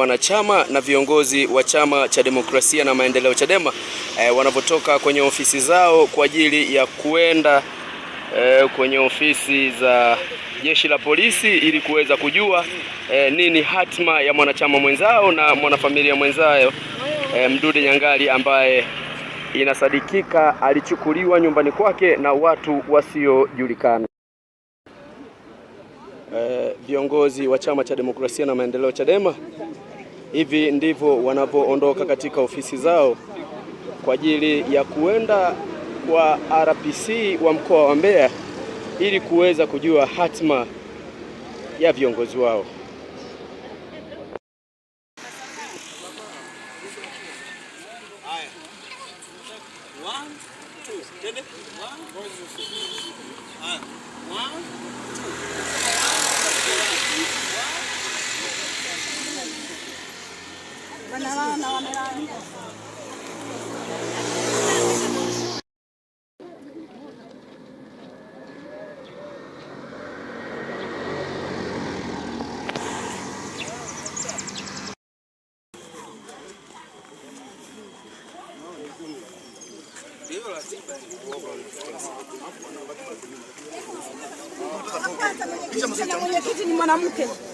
Wanachama na viongozi wa chama cha demokrasia na maendeleo Chadema e, eh, wanapotoka kwenye ofisi zao kwa ajili ya kuenda e, kwenye ofisi za jeshi la polisi ili kuweza kujua e, nini hatima ya mwanachama mwenzao na mwanafamilia mwenzao e, Mdude Nyangali ambaye inasadikika alichukuliwa nyumbani kwake na watu wasiojulikana. E, viongozi wa chama cha demokrasia na maendeleo Chadema Hivi ndivyo wanavyoondoka katika ofisi zao kwa ajili ya kuenda kwa RPC wa mkoa wa Mbeya ili kuweza kujua hatima ya viongozi wao. One, two. a k 나와 나와 나 a mwanamke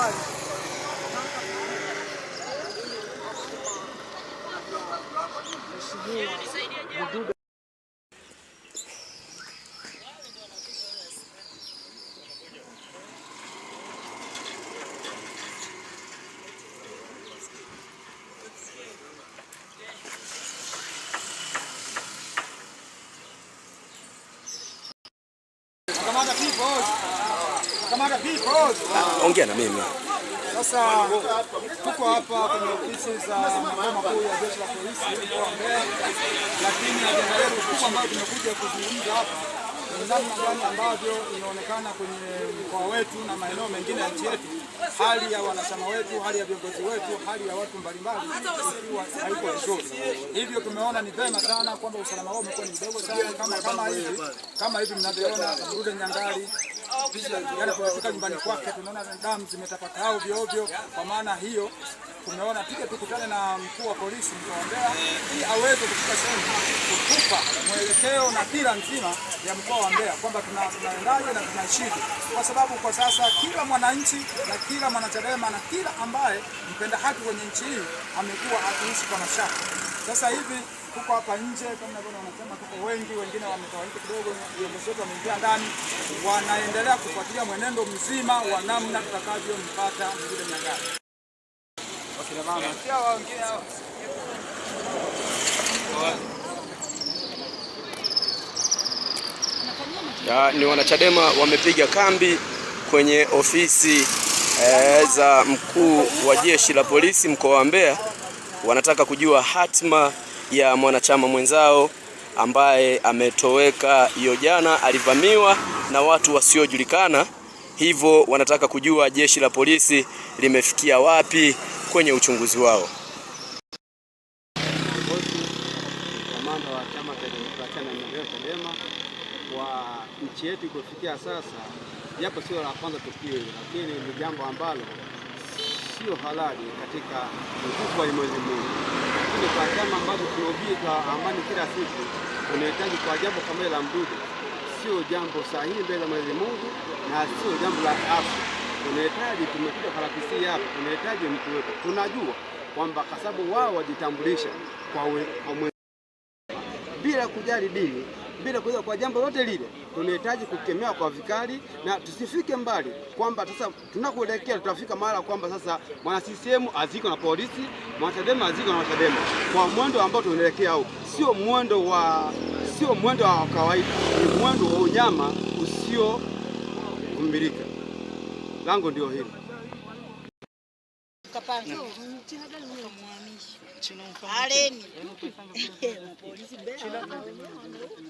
Olha. Camada aqui, volte. Ongea na mimi. Sasa tuko hapa kwenye ofisi za makao makuu ya jeshi la polisi mkoa wa Mbeya, lakini agenda yetu kubwa ambayo tumekuja kuzungumza hapa ni namna gani ambavyo inaonekana kwenye mkoa wetu na maeneo mengine ya nchi yetu hali ya wanachama wetu, hali ya viongozi wetu, hali ya watu mbalimbali haiko vizuri. Hivyo tumeona ni vema sana kwamba usalama wao umekuwa ni mdogo sana, kama kama hivi kama hivi mnavyoona Mdude Nyangali yani kufika nyumbani kwake tunaona damu zimetapakaa ovyo ovyo. Kwa maana hiyo tumeona tuje tukutane na mkuu wa polisi mkoa ili aweze kufika sehemu kutupa mwelekeo na dira nzima ya mkoa wa Mbeya kwamba tunaendaje na tunaishije, kwa sababu kwa sasa kila mwananchi na kila kila mwanachadema na kila ambaye mpenda haki kwenye nchi hii amekuwa akiishi kwa mashaka. Sasa hivi tuko hapa nje kama navyoona, wanasema tuko wengi, wengine wametawanyika kidogo, viongozi wetu wameingia ndani, wanaendelea kufuatilia mwenendo mzima wa namna tutakavyompata Mdude Nyagali. Wakina mama wengine ni wanachadema wamepiga kambi kwenye ofisi e, za mkuu wa jeshi la polisi mkoa wa Mbeya wanataka kujua hatima ya mwanachama mwenzao ambaye ametoweka hiyo jana, alivamiwa na watu wasiojulikana. Hivyo wanataka kujua jeshi la polisi limefikia wapi kwenye uchunguzi wao. Kamanda wa chama cha Chadema, wa nchi yetu ikofikia sasa japo sio la kwanza tukio hili, lakini ni jambo ambalo sio halali katika mkufu wa Mwenyezi Mungu. Lakini kwa chama ambazo tunaogiza amani kila siku, unahitaji kwa jambo kama la mdudu, sio jambo sahihi mbele ya Mwenyezi Mungu na sio jambo la afya. Tunahitaji, tumekuja harakisi hapa, tunahitaji mtu wetu, tunajua kwamba kwa sababu wao wajitambulisha kwa, we, kwa mwe, bila kujali dini bila kuweza kwa jambo lote lile, tunahitaji kukemewa kwa vikali, na tusifike mbali kwamba sasa tunakuelekea tutafika mahala kwamba sasa mwana CCM aziko na polisi, mwana Chadema aziko na Chadema, kwa mwendo ambao tunaelekea huu, Sio mwendo wa sio mwendo wa kawaida, ni mwendo wa unyama usio umbilika. Lango ndio hili